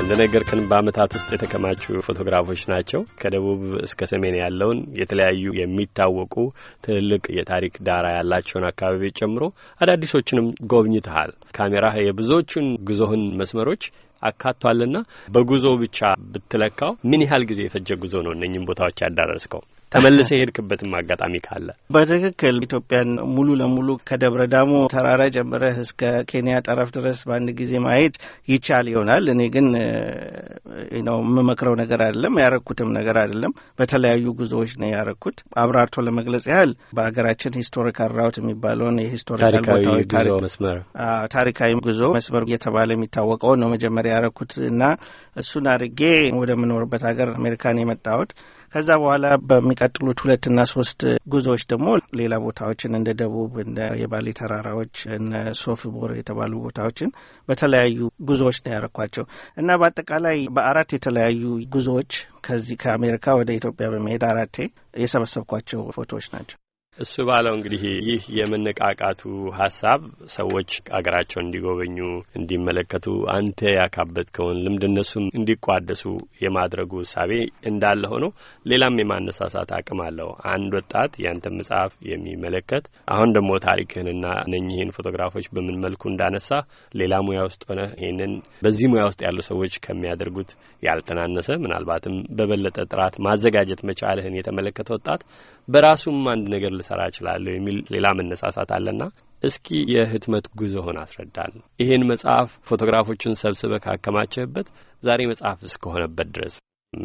እንደነገርከን በአመታት ውስጥ የተከማቹ ፎቶግራፎች ናቸው። ከደቡብ እስከ ሰሜን ያለውን የተለያዩ የሚታወቁ ትልልቅ የታሪክ ዳራ ያላቸውን አካባቢዎች ጨምሮ አዳዲሶችንም ጎብኝተሃል። ካሜራ የብዙዎቹን ጉዞህን መስመሮች አካቷልና በጉዞ ብቻ ብትለካው ምን ያህል ጊዜ የፈጀ ጉዞ ነው እነኝም ቦታዎች ያዳረስከው? ተመልሰ የሄድክበትም አጋጣሚ ካለ በትክክል ኢትዮጵያን ሙሉ ለሙሉ ከደብረ ዳሞ ተራራ ጀምረህ እስከ ኬንያ ጠረፍ ድረስ በአንድ ጊዜ ማየት ይቻል ይሆናል። እኔ ግን ነው የምመክረው ነገር አይደለም፣ ያረኩትም ነገር አይደለም። በተለያዩ ጉዞዎች ነው ያረኩት። አብራርቶ ለመግለጽ ያህል በሀገራችን ሂስቶሪካል ራውት የሚባለውን የሂስቶሪካል ቦታዎች ታሪካዊ ጉዞ መስመር እየተባለ የሚታወቀውን ነው መጀመሪያ ያረኩት እና እሱን አድርጌ ወደምኖርበት ሀገር አሜሪካን የመጣሁት ከዛ በኋላ በሚቀጥሉት ሁለትና ሶስት ጉዞዎች ደግሞ ሌላ ቦታዎችን እንደ ደቡብ እንደ የባሌ ተራራዎች እነ ሶፍቦር የተባሉ ቦታዎችን በተለያዩ ጉዞዎች ነው ያረኳቸው እና በአጠቃላይ በአራት የተለያዩ ጉዞዎች ከዚህ ከአሜሪካ ወደ ኢትዮጵያ በመሄድ አራቴ የሰበሰብኳቸው ፎቶዎች ናቸው። እሱ ባለው እንግዲህ ይህ የመነቃቃቱ ሀሳብ ሰዎች አገራቸውን እንዲጎበኙ እንዲመለከቱ፣ አንተ ያካበትከውን ልምድ እነሱም እንዲቋደሱ የማድረጉ እሳቤ እንዳለ ሆኖ ሌላም የማነሳሳት አቅም አለው። አንድ ወጣት ያንተ መጽሐፍ የሚመለከት አሁን ደግሞ ታሪክህንና እነኚህን ፎቶግራፎች በምን መልኩ እንዳነሳ ሌላ ሙያ ውስጥ ሆነ ይህንን በዚህ ሙያ ውስጥ ያሉ ሰዎች ከሚያደርጉት ያልተናነሰ ምናልባትም በበለጠ ጥራት ማዘጋጀት መቻልህን የተመለከተ ወጣት በራሱም አንድ ነገር ልሰራ እችላለሁ የሚል ሌላ መነሳሳት አለና እስኪ የህትመት ጉዞህን አስረዳን። ይህን መጽሐፍ ፎቶግራፎቹን ሰብስበህ ካከማቸህበት ዛሬ መጽሐፍ እስከሆነበት ድረስ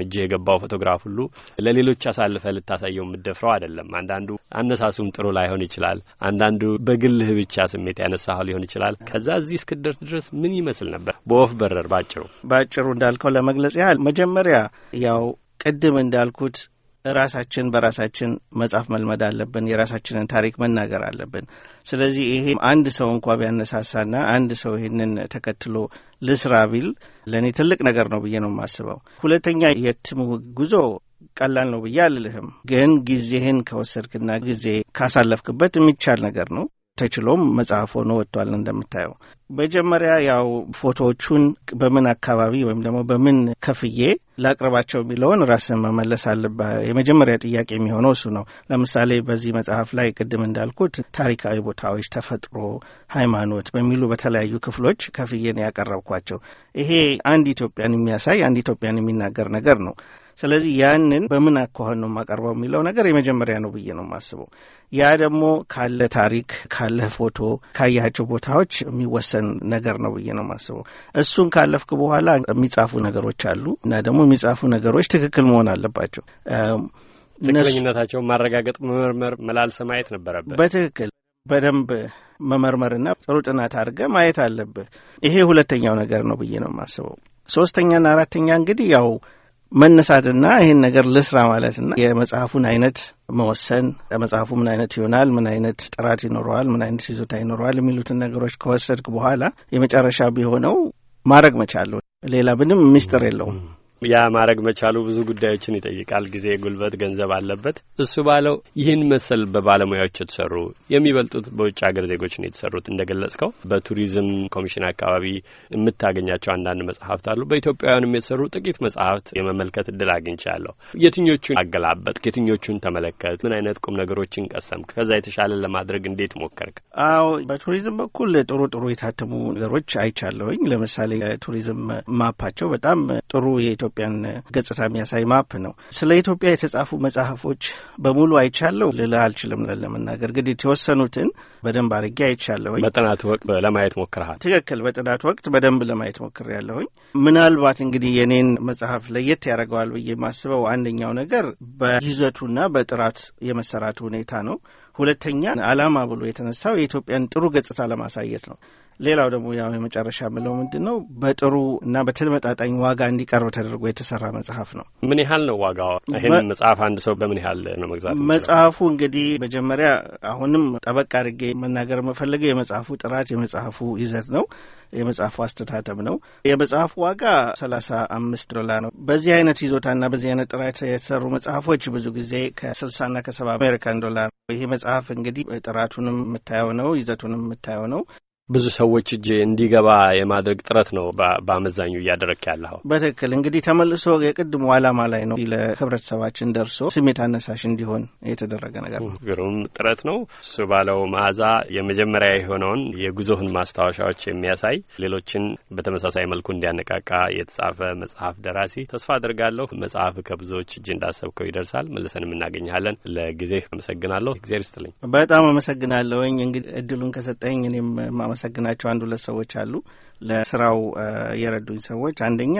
እጅ የገባው ፎቶግራፍ ሁሉ ለሌሎች አሳልፈ ልታሳየው የምደፍረው አይደለም። አንዳንዱ አነሳሱም ጥሩ ላይሆን ይችላል። አንዳንዱ በግልህ ብቻ ስሜት ያነሳኸው ሊሆን ይችላል። ከዛ እዚህ እስክደርስ ድረስ ምን ይመስል ነበር? በወፍ በረር ባጭሩ ባጭሩ እንዳልከው ለመግለጽ ያህል መጀመሪያ ያው ቅድም እንዳልኩት ራሳችን በራሳችን መጻፍ መልመድ አለብን። የራሳችንን ታሪክ መናገር አለብን። ስለዚህ ይሄ አንድ ሰው እንኳ ቢያነሳሳና አንድ ሰው ይህንን ተከትሎ ልስራ ቢል ለእኔ ትልቅ ነገር ነው ብዬ ነው የማስበው። ሁለተኛ የትም ጉዞ ቀላል ነው ብዬ አልልህም፣ ግን ጊዜህን ከወሰድክና ጊዜ ካሳለፍክበት የሚቻል ነገር ነው። ተችሎም መጽሐፍ ሆኖ ወጥቷል። እንደምታየው መጀመሪያ ያው ፎቶዎቹን በምን አካባቢ ወይም ደግሞ በምን ከፍዬ ላቅርባቸው የሚለውን ራስን መመለስ አለብህ። የመጀመሪያ ጥያቄ የሚሆነው እሱ ነው። ለምሳሌ በዚህ መጽሐፍ ላይ ቅድም እንዳልኩት ታሪካዊ ቦታዎች፣ ተፈጥሮ፣ ሃይማኖት በሚሉ በተለያዩ ክፍሎች ከፍዬ ነው ያቀረብኳቸው። ይሄ አንድ ኢትዮጵያን የሚያሳይ አንድ ኢትዮጵያን የሚናገር ነገር ነው። ስለዚህ ያንን በምን አኳኋን ነው የማቀርበው የሚለው ነገር የመጀመሪያ ነው ብዬ ነው የማስበው። ያ ደግሞ ካለ ታሪክ፣ ካለ ፎቶ፣ ካያቸው ቦታዎች የሚወሰን ነገር ነው ብዬ ነው የማስበው። እሱን ካለፍክ በኋላ የሚጻፉ ነገሮች አሉ እና ደግሞ የሚጻፉ ነገሮች ትክክል መሆን አለባቸው። ትክክለኝነታቸውን ማረጋገጥ መመርመር፣ መላልሰ ማየት ነበረበት። በትክክል በደንብ መመርመርና ጥሩ ጥናት አድርገ ማየት አለብህ። ይሄ ሁለተኛው ነገር ነው ብዬ ነው የማስበው። ሶስተኛና አራተኛ እንግዲህ ያው መነሳትና ይህን ነገር ልስራ ማለትና የመጽሐፉን አይነት መወሰን መጽሐፉ ምን አይነት ይሆናል፣ ምን አይነት ጥራት ይኖረዋል፣ ምን አይነት ይዞታ ይኖረዋል የሚሉትን ነገሮች ከወሰድክ በኋላ የመጨረሻ ቢሆነው ማድረግ መቻለሁ። ሌላ ምንም ምስጢር የለውም። ያ ማድረግ መቻሉ ብዙ ጉዳዮችን ይጠይቃል። ጊዜ፣ ጉልበት፣ ገንዘብ አለበት። እሱ ባለው ይህን መሰል በባለሙያዎች የተሰሩ የሚበልጡት በውጭ ሀገር ዜጎች ነው የተሰሩት። እንደገለጽከው በቱሪዝም ኮሚሽን አካባቢ የምታገኛቸው አንዳንድ መጽሐፍት አሉ። በኢትዮጵያውያንም የተሰሩ ጥቂት መጽሐፍት የመመልከት እድል አግኝቻለሁ። የትኞቹን አገላበጥ፣ የትኞቹን ተመለከት፣ ምን አይነት ቁም ነገሮችን ቀሰምክ? ከዛ የተሻለ ለማድረግ እንዴት ሞከርክ? አዎ በቱሪዝም በኩል ጥሩ ጥሩ የታተሙ ነገሮች አይቻለሁኝ። ለምሳሌ የቱሪዝም ማፓቸው በጣም ጥሩ የኢትዮጵያን ገጽታ የሚያሳይ ማፕ ነው። ስለ ኢትዮጵያ የተጻፉ መጽሐፎች በሙሉ አይቻለሁ ልል አልችልም ለመናገር ግን የተወሰኑትን በደንብ አድርጌ አይቻለሁ። በጥናት ወቅት ለማየት ሞክረሃል? ትክክል። በጥናት ወቅት በደንብ ለማየት ሞክር ያለሁኝ። ምናልባት እንግዲህ የኔን መጽሐፍ ለየት ያደርገዋል ብዬ የማስበው አንደኛው ነገር በይዘቱና በጥራት የመሰራቱ ሁኔታ ነው። ሁለተኛ ዓላማ ብሎ የተነሳው የኢትዮጵያን ጥሩ ገጽታ ለማሳየት ነው። ሌላው ደግሞ ያው የመጨረሻ የምለው ምንድን ነው በጥሩ እና በተመጣጣኝ ዋጋ እንዲቀርብ ተደርጎ የተሰራ መጽሐፍ ነው። ምን ያህል ነው ዋጋው? ይህን መጽሐፍ አንድ ሰው በምን ያህል ነው መግዛት? መጽሐፉ እንግዲህ መጀመሪያ አሁንም ጠበቅ አድርጌ መናገር የምፈልገው የመጽሐፉ ጥራት፣ የመጽሐፉ ይዘት ነው። የመጽሐፉ አስተታተም ነው። የመጽሐፉ ዋጋ ሰላሳ አምስት ዶላር ነው። በዚህ አይነት ይዞታና በዚህ አይነት ጥራት የተሰሩ መጽሐፎች ብዙ ጊዜ ከስልሳና ከሰባ አሜሪካን ዶላር። ይሄ መጽሐፍ እንግዲህ ጥራቱንም የምታየው ነው፣ ይዘቱንም የምታየው ነው። ብዙ ሰዎች እጅ እንዲገባ የማድረግ ጥረት ነው በአመዛኙ እያደረክ ያለው። በትክክል እንግዲህ ተመልሶ የቅድሙ ዓላማ ላይ ነው ለህብረተሰባችን ደርሶ ስሜት አነሳሽ እንዲሆን የተደረገ ነገር ነው። ግሩም ጥረት ነው። እሱ ባለው መዓዛ የመጀመሪያ የሆነውን የጉዞህን ማስታወሻዎች የሚያሳይ ሌሎችን በተመሳሳይ መልኩ እንዲያነቃቃ የተጻፈ መጽሐፍ ደራሲ ተስፋ አድርጋለሁ መጽሐፍ ከብዙዎች እጅ እንዳሰብከው ይደርሳል። መልሰን የምናገኘሃለን። ለጊዜህ አመሰግናለሁ። እግዚአብሔር ይስጥልኝ። በጣም አመሰግናለሁኝ። እንግዲህ እድሉን ከሰጠኝ እኔም የምናመሰግናቸው አንድ ሁለት ሰዎች አሉ። ለስራው የረዱኝ ሰዎች አንደኛ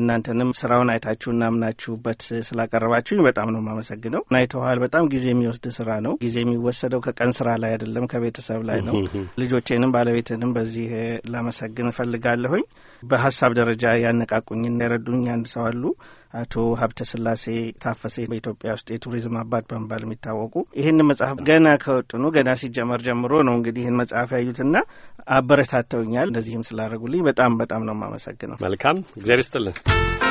እናንተንም ስራውን አይታችሁ እናምናችሁበት ስላቀረባችሁኝ በጣም ነው የማመሰግነው። አይተዋል። በጣም ጊዜ የሚወስድ ስራ ነው። ጊዜ የሚወሰደው ከቀን ስራ ላይ አይደለም፣ ከቤተሰብ ላይ ነው። ልጆቼንም ባለቤትንም በዚህ ላመሰግን እፈልጋለሁኝ። በሀሳብ ደረጃ ያነቃቁኝና የረዱኝ አንድ ሰው አሉ አቶ ሀብተ ስላሴ ታፈሰ በኢትዮጵያ ውስጥ የቱሪዝም አባት በመባል የሚታወቁ ይህን መጽሐፍ ገና ከወጥኑ ገና ሲጀመር ጀምሮ ነው እንግዲህ ይህን መጽሐፍ ያዩትና አበረታተውኛል። እንደዚህም ስላደረጉ ስለምታደርጉልኝ በጣም በጣም ነው የማመሰግነው። መልካም እግዚአብሔር ይስጥልን።